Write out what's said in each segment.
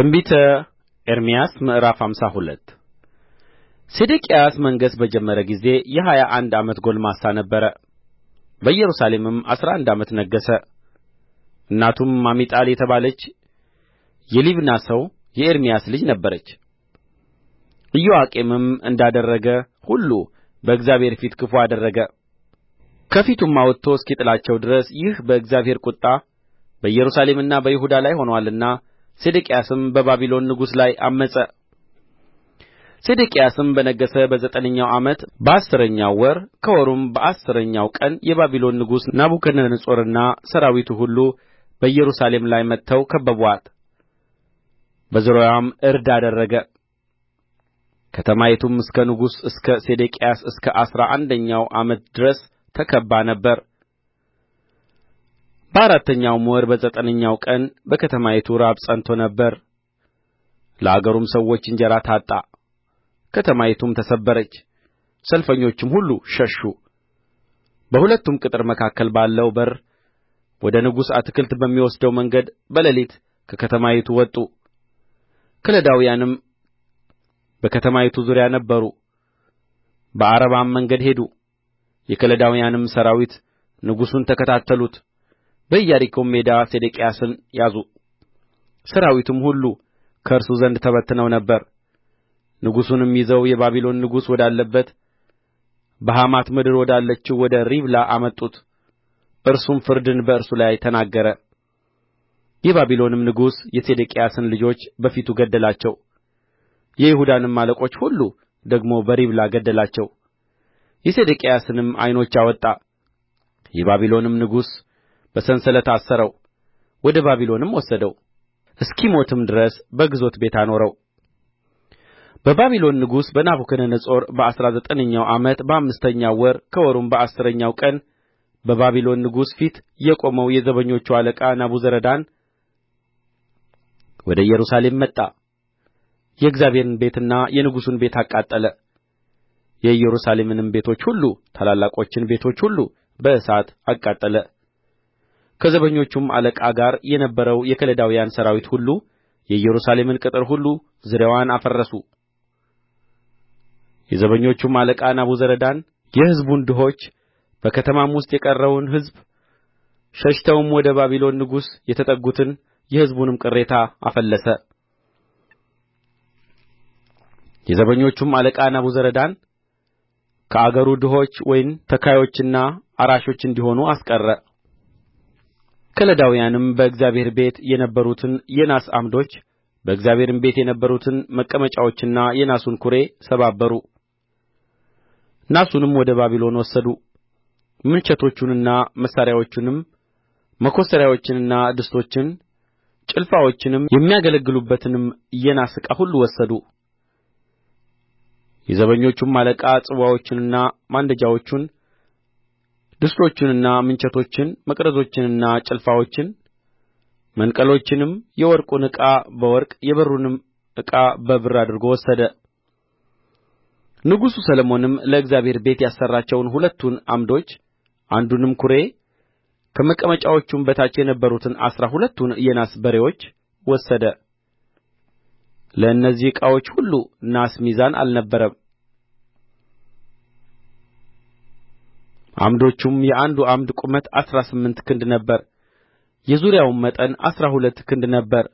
ትንቢተ ኤርምያስ ምዕራፍ ሃምሳ ሁለት ሴዴቅያስ መንገሥ በጀመረ ጊዜ የሀያ አንድ ዓመት ጕልማሳ ነበረ በኢየሩሳሌምም አሥራ አንድ ዓመት ነገሠ እናቱም አሚጣል የተባለች የሊብና ሰው የኤርምያስ ልጅ ነበረች ኢዮአቄምም እንዳደረገ ሁሉ በእግዚአብሔር ፊት ክፉ አደረገ ከፊቱም አውጥቶ እስኪጥላቸው ድረስ ይህ በእግዚአብሔር ቍጣ በኢየሩሳሌምና በይሁዳ ላይ ሆኖአልና ሴዴቅያስም በባቢሎን ንጉሥ ላይ ዐመፀ ሴዴቅያስም በነገሠ በዘጠነኛው ዓመት በአሥረኛው ወር ከወሩም በአሥረኛው ቀን የባቢሎን ንጉሥ ናቡከደነፆርና ሠራዊቱ ሁሉ በኢየሩሳሌም ላይ መጥተው ከበቡአት በዙሪያዋም ዕርድ አደረገ ከተማይቱም እስከ ንጉሡ እስከ ሴዴቅያስ እስከ አሥራ አንደኛው ዓመት ድረስ ተከብባ ነበር በአራተኛውም ወር በዘጠነኛው ቀን በከተማይቱ ራብ ጸንቶ ነበር ለአገሩም ሰዎች እንጀራ ታጣ ከተማይቱም ተሰበረች ሰልፈኞችም ሁሉ ሸሹ በሁለቱም ቅጥር መካከል ባለው በር ወደ ንጉሡ አትክልት በሚወስደው መንገድ በሌሊት ከከተማይቱ ወጡ ከለዳውያንም በከተማይቱ ዙሪያ ነበሩ በዓረባም መንገድ ሄዱ የከለዳውያንም ሠራዊት ንጉሡን ተከታተሉት በኢያሪኮም ሜዳ ሴዴቅያስን ያዙ ሠራዊቱም ሁሉ ከእርሱ ዘንድ ተበትነው ነበር ንጉሡንም ይዘው የባቢሎን ንጉሥ ወዳለበት በሐማት ምድር ወዳለችው ወደ ሪብላ አመጡት እርሱም ፍርድን በእርሱ ላይ ተናገረ የባቢሎንም ንጉሥ የሴዴቅያስን ልጆች በፊቱ ገደላቸው የይሁዳንም አለቆች ሁሉ ደግሞ በሪብላ ገደላቸው የሴዴቅያስንም ዓይኖች አወጣ የባቢሎንም ንጉሥ በሰንሰለት አሰረው ወደ ባቢሎንም ወሰደው እስኪሞትም ድረስ በግዞት ቤት አኖረው በባቢሎን ንጉሥ በናቡከደነፆር በአሥራ ዘጠነኛው ዓመት በአምስተኛው ወር ከወሩም በአሥረኛው ቀን በባቢሎን ንጉሥ ፊት የቆመው የዘበኞቹ አለቃ ናቡዘረዳን ወደ ኢየሩሳሌም መጣ የእግዚአብሔርን ቤትና የንጉሡን ቤት አቃጠለ። የኢየሩሳሌምንም ቤቶች ሁሉ ታላላቆችን ቤቶች ሁሉ በእሳት አቃጠለ። ከዘበኞቹም አለቃ ጋር የነበረው የከለዳውያን ሠራዊት ሁሉ የኢየሩሳሌምን ቅጥር ሁሉ ዙሪያዋን አፈረሱ የዘበኞቹም አለቃ ናቡዘረዳን የሕዝቡን ድሆች በከተማም ውስጥ የቀረውን ሕዝብ ሸሽተውም ወደ ባቢሎን ንጉሥ የተጠጉትን የሕዝቡንም ቅሬታ አፈለሰ የዘበኞቹም አለቃ ናቡዘረዳን ከአገሩ ድሆች ወይን ተካዮችና አራሾች እንዲሆኑ አስቀረ ከለዳውያንም በእግዚአብሔር ቤት የነበሩትን የናስ ዓምዶች በእግዚአብሔርም ቤት የነበሩትን መቀመጫዎችና የናሱን ኵሬ ሰባበሩ ናሱንም ወደ ባቢሎን ወሰዱ ምንቸቶቹንና መሣሪያዎቹንም መኰስተሪያዎችንና ድስቶችን ጭልፋዎችንም የሚያገለግሉበትንም የናስ ዕቃ ሁሉ ወሰዱ የዘበኞቹም አለቃ ጽዋዎቹንና ማንደጃዎቹን ድስቶቹንና ምንቸቶቹን መቅረዞቹንና ጭልፋዎቹን መንቀሎቹንም የወርቁን ዕቃ በወርቅ የብሩንም ዕቃ በብር አድርጎ ወሰደ ንጉሡ ሰሎሞንም ለእግዚአብሔር ቤት ያሠራቸውን ሁለቱን ዓምዶች አንዱንም ኵሬ ከመቀመጫዎቹም በታች የነበሩትን አሥራ ሁለቱን የናስ በሬዎች ወሰደ ለእነዚህ ዕቃዎች ሁሉ ናስ ሚዛን አልነበረም ዓምዶቹም የአንዱ ዓምድ ቁመት አሥራ ስምንት ክንድ ነበረ የዙሪያውም መጠን አሥራ ሁለት ክንድ ነበረ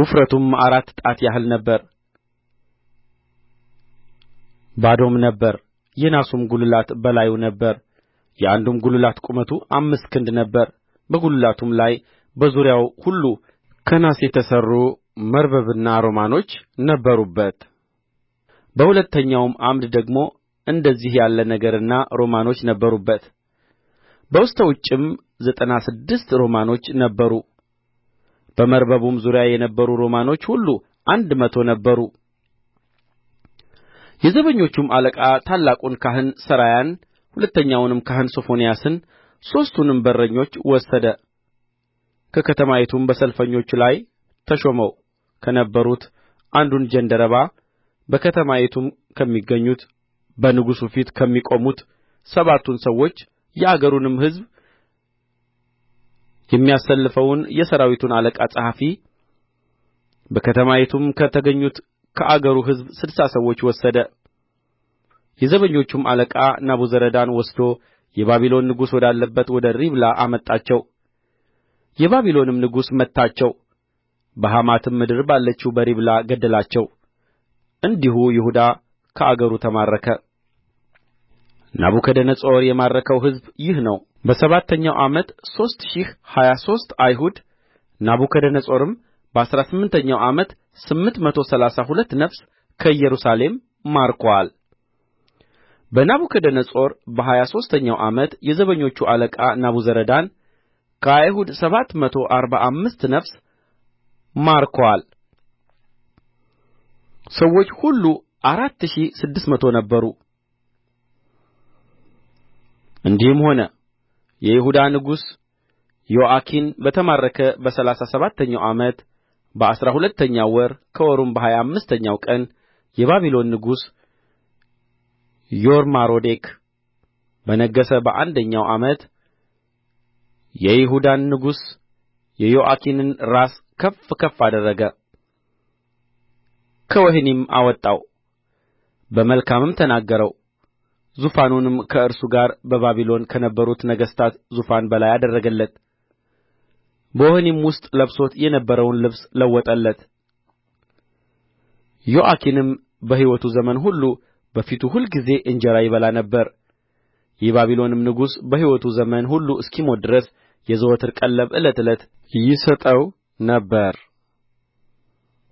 ውፍረቱም አራት ጣት ያህል ነበረ ባዶም ነበረ የናሱም ጕልላት በላዩ ነበረ የአንዱም ጕልላት ቁመቱ አምስት ክንድ ነበረ በጕልላቱም ላይ በዙሪያው ሁሉ ከናስ የተሠሩ መርበብና ሮማኖች ነበሩበት በሁለተኛውም ዓምድ ደግሞ እንደዚህ ያለ ነገርና ሮማኖች ነበሩበት በስተ ውጭም ዘጠና ስድስት ሮማኖች ነበሩ በመርበቡም ዙሪያ የነበሩ ሮማኖች ሁሉ አንድ መቶ ነበሩ የዘበኞቹም አለቃ ታላቁን ካህን ሠራያን ሁለተኛውንም ካህን ሶፎንያስን ሦስቱንም በረኞች ወሰደ ከከተማይቱም በሰልፈኞች ላይ ተሾመው ከነበሩት አንዱን ጃንደረባ በከተማይቱም ከሚገኙት በንጉሡ ፊት ከሚቆሙት ሰባቱን ሰዎች የአገሩንም ሕዝብ የሚያሰልፈውን የሠራዊቱን አለቃ ጸሐፊ በከተማይቱም ከተገኙት ከአገሩ ሕዝብ ስድሳ ሰዎች ወሰደ የዘበኞቹም አለቃ ናቡዘረዳን ወስዶ የባቢሎን ንጉሥ ወዳለበት ወደ ሪብላ አመጣቸው የባቢሎንም ንጉሥ መታቸው በሐማትም ምድር ባለችው በሪብላ ገደላቸው እንዲሁ ይሁዳ ከአገሩ ተማረከ ናቡከደነፆር የማረከው ሕዝብ ይህ ነው በሰባተኛው ዓመት ሦስት ሺህ ሀያ ሦስት አይሁድ ናቡከደነፆርም በአሥራ ስምንተኛው ዓመት ስምንት መቶ ሠላሳ ሁለት ነፍስ ከኢየሩሳሌም ማርኮአል በናቡከደነፆር በሀያ ሦስተኛው ዓመት የዘበኞቹ አለቃ ናቡዘረዳን ከአይሁድ ሰባት መቶ አርባ አምስት ነፍስ ማርኮአል ሰዎች ሁሉ አራት ሺህ ስድስት መቶ ነበሩ እንዲህም ሆነ የይሁዳ ንጉሥ ዮአኪን በተማረከ በሠላሳ ሰባተኛው ዓመት በአሥራ ሁለተኛው ወር ከወሩም በሀያ አምስተኛው ቀን የባቢሎን ንጉሥ ዮርማሮዴክ በነገሠ በአንደኛው ዓመት የይሁዳን ንጉሥ የዮአኪንን ራስ ከፍ ከፍ አደረገ ከወህኒም አወጣው በመልካምም ተናገረው ዙፋኑንም ከእርሱ ጋር በባቢሎን ከነበሩት ነገሥታት ዙፋን በላይ አደረገለት በወህኒም ውስጥ ለብሶት የነበረውን ልብስ ለወጠለት ዮአኪንም በሕይወቱ ዘመን ሁሉ በፊቱ ሁልጊዜ እንጀራ ይበላ ነበር የባቢሎንም ንጉሥ በሕይወቱ ዘመን ሁሉ እስኪሞት ድረስ የዘወትር ቀለብ ዕለት ዕለት ይሰጠው ነበር